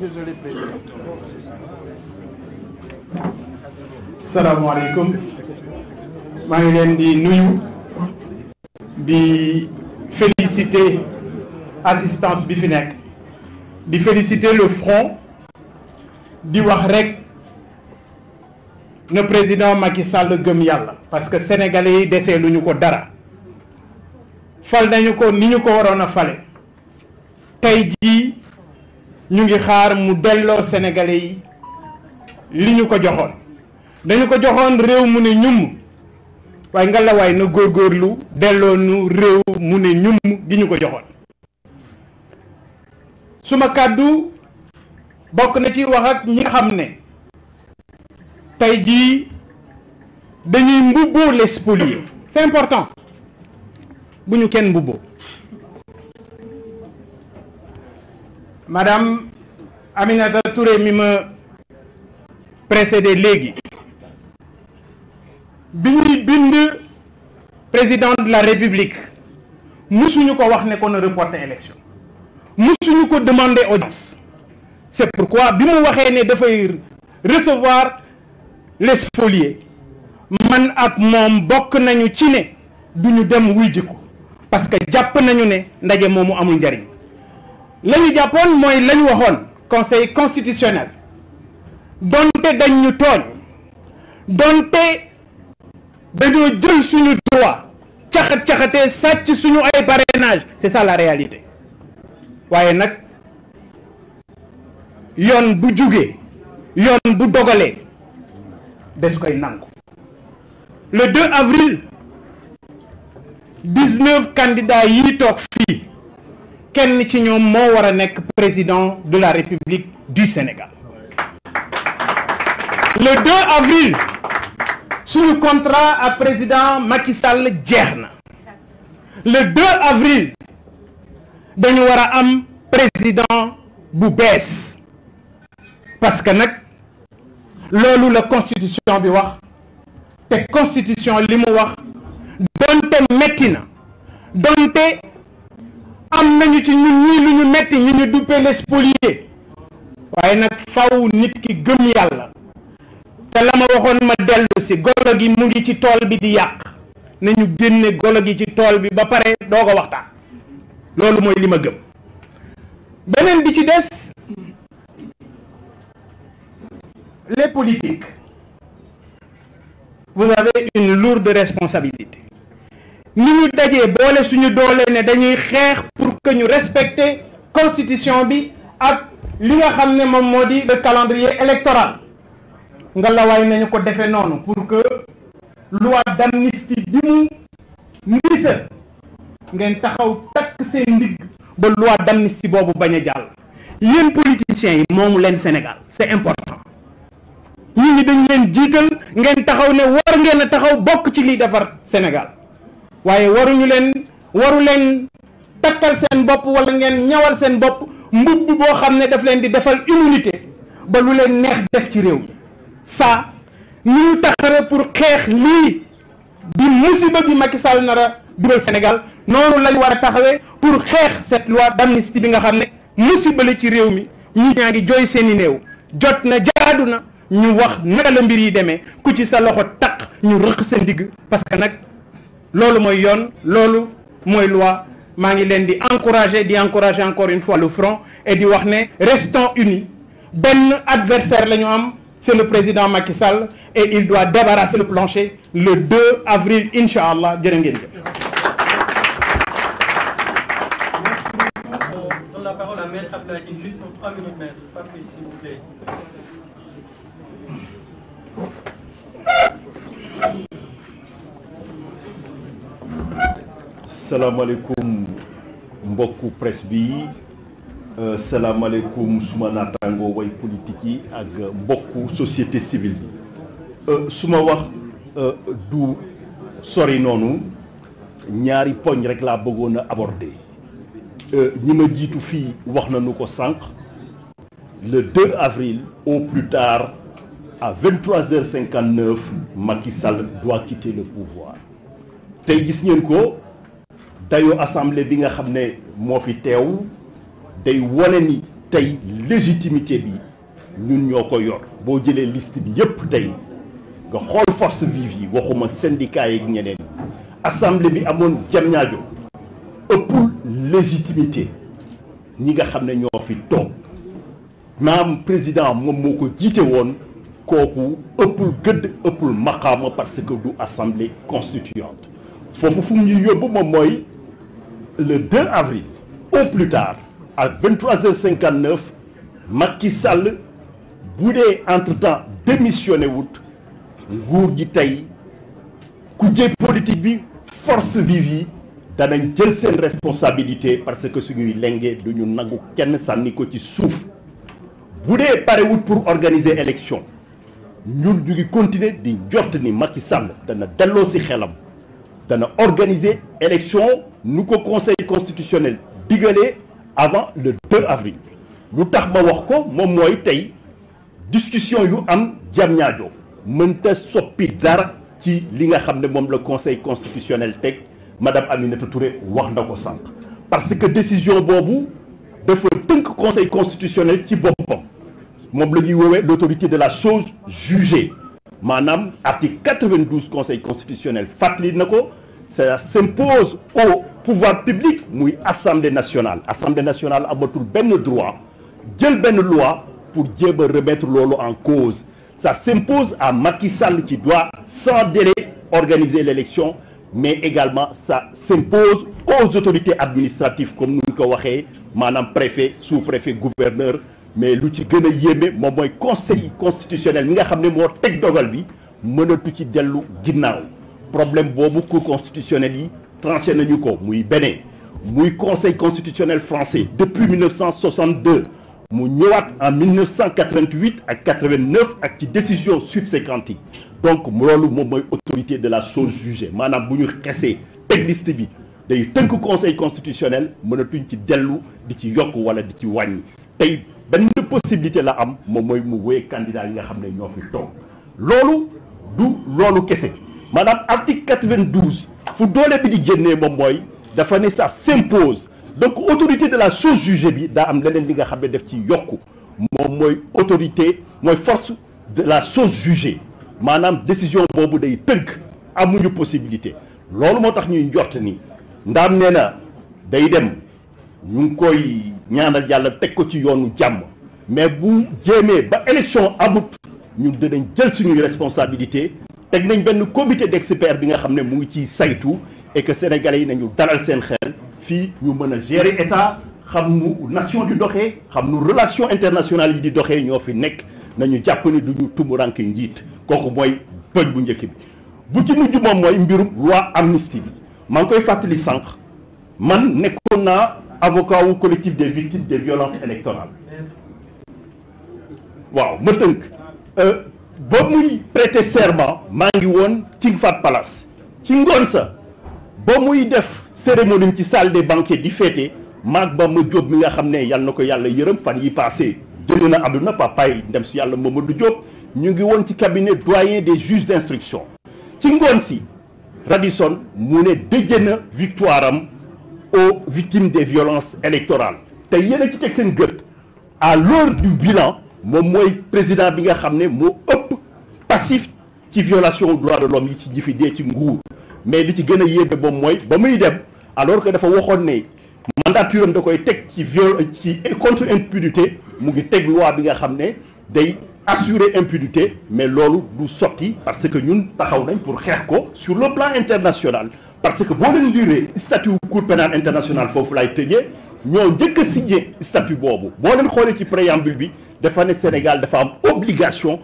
désolé président. maa ngi leen di nuyu di féliciter assistance bi fi nekk di féliciter le front di wax rek ne président Macky Sall gëm yàlla parce que sénégalais yi desee lu ñu ko dara fal nañu ko ni ñu ko waroon a fale tey jii ñu ngi xaar mu delloo sénégalais yi li ñu ko joxoon dañu ko joxoon réew mu ne ñum waaye ngalawaay na góor góorgóorlu delloo nu réew mu ne ñum gi ñu ko joxoon suma kàddu bokk na ci wax ak ñi nga xam ne tey jii dañuy mbubboo les spoliés c'est important bu ñu kenn mbubboo madame Aminata Touré mi ma léegi bi ñuy président de la république musuñu ko wax ne ko na reporter élection musuñu ko demander audience c'est pourquoi bi mu waxee ne dafay recevoir les spoliés man ak moom bokk nañu ci ne duñu dem wuy jikko parce que jàpp nañu ne ndaje moomu amul njariñ la jàppoon mooy la ñu waxoon conseil constitutionnel donte dañ ñu tooñ donte dañoo jël suñu droit caxat caxatee sàcc suñu ay parrainage c'est ça la réalité waaye nag yoon bu jugee yoon bu dogalee des koy nangu le 2 avril 19 candidats yi toog fii kenn ci ñoom moo war a nekk président de la République du Sénégal le 2 avril suñu contrat à président Macky Sall jeex na le 2 avril dañu war a am président bu bees parce que nag loolu la constitution bi wax te constitution li mu wax donte metti na donte am nañu ci ñun ñii lu ñu metti ñu ne duppee les spoliés waaye nag faw nit ki gëm yàlla te la ma waxoon ma dellu si golo gi mu ngi ci tool bi di yàq nañu génne golo gi ci tool bi ba pare doo ko waxtaan loolu mooy li ma gëm beneen bi ci des les politiques vous avez une lourde responsabilité ni ñu dajee boole suñu doole ne dañuy xeex que ñu respecter constitution bi ak li nga xam ne moom moo di le calendrier électoral nga lawaay nañu ko defee noonu pour que loi d'amnistie bi mu ndisa ngeen taxaw takk seen ndigg ba loi d'amnistie boobu bañ a jàll yéen politiciens yi moomu leen Sénégal c'est important ñi ñi dañ leen jiital ngeen taxaw ne war ngeen a taxaw bokk ci liy defar Sénégal waaye waruñu leen waru leen takkal seen bopp wala ngeen ñawal seen bopp mbubb boo xam ne daf leen di defal immunité ba lu leen neex def ci réew mi ça ni ñu taxawee pour xeex lii di musiba bi Macky Sall nar a dugal Sénégal noonu lañ war a taxawee pour xeex cette loi d'amnistie bi nga xam ne musiba la ci réew mi ñi ñaa ngi jooy seen i néew jot na jaadu na ñu wax naka la mbir yi demee ku ci sa loxo taq ñu rëq seen digg parce que nag loolu mooy yoon loolu mooy loi maa ngi leen di encourager di encourager encore une fois le front et di wax ne restons unis ben adversaire la ñu am c'est le président Macky Sall et il doit débarrasser le plancher le 2 avril incha allah jërë ngeen jëf. Merci. salaamaaleykum mbokku presse bi euh, salaamaaleykum suma naataango way politique yi ak mbokku société civile bi euh, su ma wax euh, du sori noonu ñaari poñ rek laa bëggoon a aborder ñi ma jiitu fii wax nañu ko sànq le 2 avril au plus tard à 23h59 Macky Sall doit quitter le pouvoir tey gis ngeen ko. dayu assemblée bi nga xam ne moo fi teew day wone ni tey légitimité bi ñun ñoo ko yor boo jëlee liste bi yépp tey nga xool force vive yi waxuma syndicat yi ak ñeneen assemblée bi amoon jamñaajo ëppul légitimité ñi nga xam ne ñoo fi toog naam président moom moo ko jiite woon kooku ëppul gëdd ëppul maqaama parce que du assemblée constituante foofu fu mu yóbbu moom mooy le 2 avril au plus tard à 23h59 Macky Sall bu dee entre-temps démissionné wut nguur gi tey ku kujje politique bi force vive yi dana jël seen responsabilité parce que suñuy lenge du ñu nangu kenn sànni ko ci suuf bu dee pare pour organiser élection ñun ñu ngi di njort ni Macky sàll dana delloo si xelam dana organiser élection nu ko conseil constitutionnel digalee avant le 2 avril lu tax ma wax ko moom mooy tey discussion yu am Diamniadio mënta soppi dara ci li nga xam ne moom la conseil constitutionnel teg madame Aminata Touré wax na ko sànq parce que décision boobu dafa tënk conseil constitutionnel ci boppam moom la ñuy woowee l'autorité de la chose jugée maanaam article 92 conseil constitutionnel fàttali na ko cela s'impose au pouvoir public muy assemblée nationale assemblée nationale amatul benn droit jël benn loi pour jéem remettre loolu en cause ça s'impose à Macky Sall qui doit sans délai organiser l'élection mais également ça s'impose aux autorités administratives comme nu ñu ko waxee maanaam préfet sous-préfet gouverneur mais lu ci gën a yéeme moom mooy conseil constitutionnel mi nga xam ne moo teg dogal bi mënatu ci dellu ginnaaw problème boobu cour constitutionnel yi tranché nañu ko muy Bénin muy conseil constitutionnel français depuis 1962 mu ñëwaat en 1988 ak 89 ak ci décision subséquente yi donc loolu moom mooy autorité de la chose jugée maanaam bu ñu xesee teg liste bi day tënk conseil constitutionnel mënatuñ ci dellu di ci yokk wala di ci wàññi tey benn possibilité la am moom mooy mu wéy candidat yi nga xam ne ñoo fi toog loolu du loolu kese maanaam article 92 fu doole bi di génnee moom mooy dafa ne ça s'impose donc autorité de la chose jugée bi daa am leneen li nga xam ne def ci yokku moom mooy autorité mooy force de la chose jugée maanaam décision boobu day tënk amuñu possibilité loolu moo tax ñuy njort ni ndaam nee na day dem ñu ngi koy ñaanal yàlla teg ko ci yoonu jàmm mais bu jéemee ba élection amut ñun dinañ jël suñuy responsabilité teg nañ benn comité d'experts bi nga xam ne mu ngi ciy saytu et que sénégalais yi nañu dalal seen xel fii ñu mën a gérer état xam nu nation di doxee xam nu relation internationale yi di doxee ñoo fi nekk nañu jàpp ni duñu tumuranke njiit kooku mooy pëj bu njëkk bi bu ci mujj moom mooy mbirum loi amnistie bi maa ngi koy fàttali sànq man nekkoon naa avocat wu collectif des victimes des violences électorales waaw ma tënk euh, ba muy prêter serment maa ngi woon ci Fahd Palace ci ngoon sa ba muy def cérémonie ci salle des banquets di fêter maag ba ma Diop mi nga xam ne yal na ko yàlla yërëm fan yi passé génn na àdduna papaay ndem si yàlla Mamadou Diop ñu ngi woon ci cabinet doyen des juges d'instruction ci ngoon si Radisson mu ne dëjë na victoire am aux victimes des violences électorales te yéen a ci teg seen gët à l'heure du bilan moom mooy président bi nga xam ne moo ëpp massif ci violation droit de l'homme yi ci ji fi dee ci nguur mais li ci gën a yéeme ba mooy ba muy dem alors que dafa waxoon ne mandature am da koy teg ci viol ci contre impunité mu ngi teg loi bi nga xam ne day assurer impunité mais loolu du sotti parce que ñun taxaw nañ pour xeex ko sur le plan international parce que boo leen lire statut cour pénal international foofu lay tëjee ñoo njëkk a signé boobu boo leen xoolee ci préambule bi dafa ne Sénégal dafa am obligation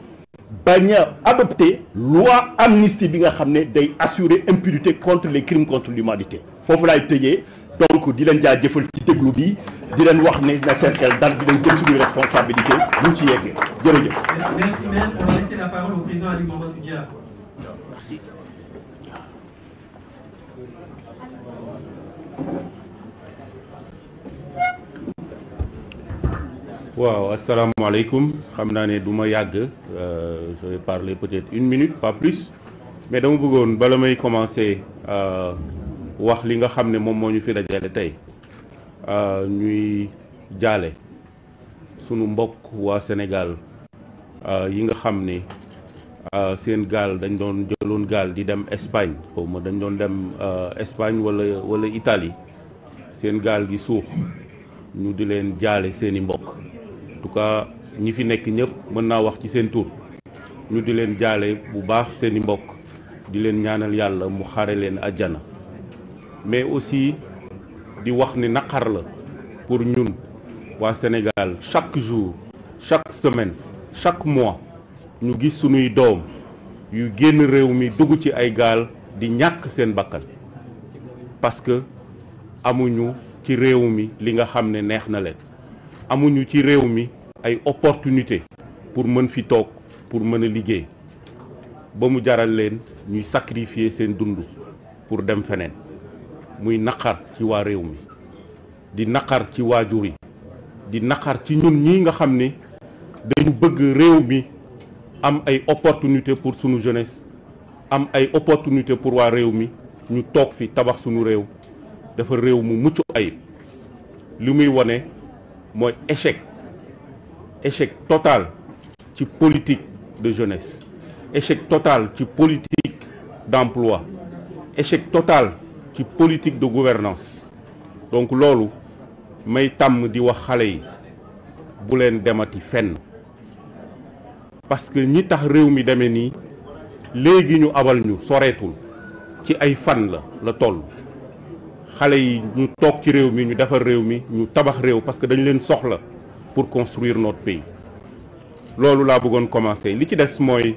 bañ a adopté loi amnistie bi nga xam ne day assuré impunité contre les crimes contre l'humanité foofu laay tëjee donc di leen jaajëfal ci déglu bi di leen wax ne na seen xel dal dinañ jël suñuy responsabilité buñ ci yeggee jërëjëf. merci maître on va xam naa ne du ma yàgg. je vais parler peut-être une minute pas plus mais dama bëggoon bala may commencer euh, wax li nga xam ne moom moo ñu fi dajale tey euh, ñuy jaale sunu mbokk waa Sénégal euh, yi nga xam ne seen gaal dañ doon jëloon gaal di dem Espagne xaw ma dañ doon dem Espagne wala wala Italie seen gaal gi suux ñu di leen jaale seeni mbokk en tout ñi fi nekk ñëpp mën naa wax ci seen tur ñu di leen jaale bu baax seeni mbokk di leen ñaanal yàlla mu xare leen àjjana mais aussi di wax ni naqar la pour ñun waa Sénégal chaque jour chaque semaine chaque mois ñu gis sunuy doom yu génn réew mi dugg ci ay gaal di ñàkk seen bakkan parce que amuñu ci réew mi li nga xam ne neex na leen amuñu ci réew mi ay opportunité pour mën fi toog pour mën a liggéey ba mu jaral leen ñuy sacrifier seen dund pour dem feneen muy naqar ci waa réew mi di naqar ci waajur yi di naqar ci ñun ñi nga xam ni dañu bëgg réew mi am ay opportunité pour sunu jeunesse am ay opportunité pour waa réew mi ñu toog fi tabax sunu réew dafa réew mu mucc ayib li muy wone mooy échec échec total ci politique de jeunesse échec totale ci politique d'emploi échec total ci politique de gouvernance donc loolu may tàmm di wax xale yi bu leen demati fenn parce que ñi tax réew mi demee nii léegi ñu abal ñu soreetul ci ay fan la la toll xale yi ñu toog ci réew mi ñu defar réew mi ñu tabax réew parce que dañu leen soxla pour construire notre pays loolu laa bëggoon commencer li ci des mooy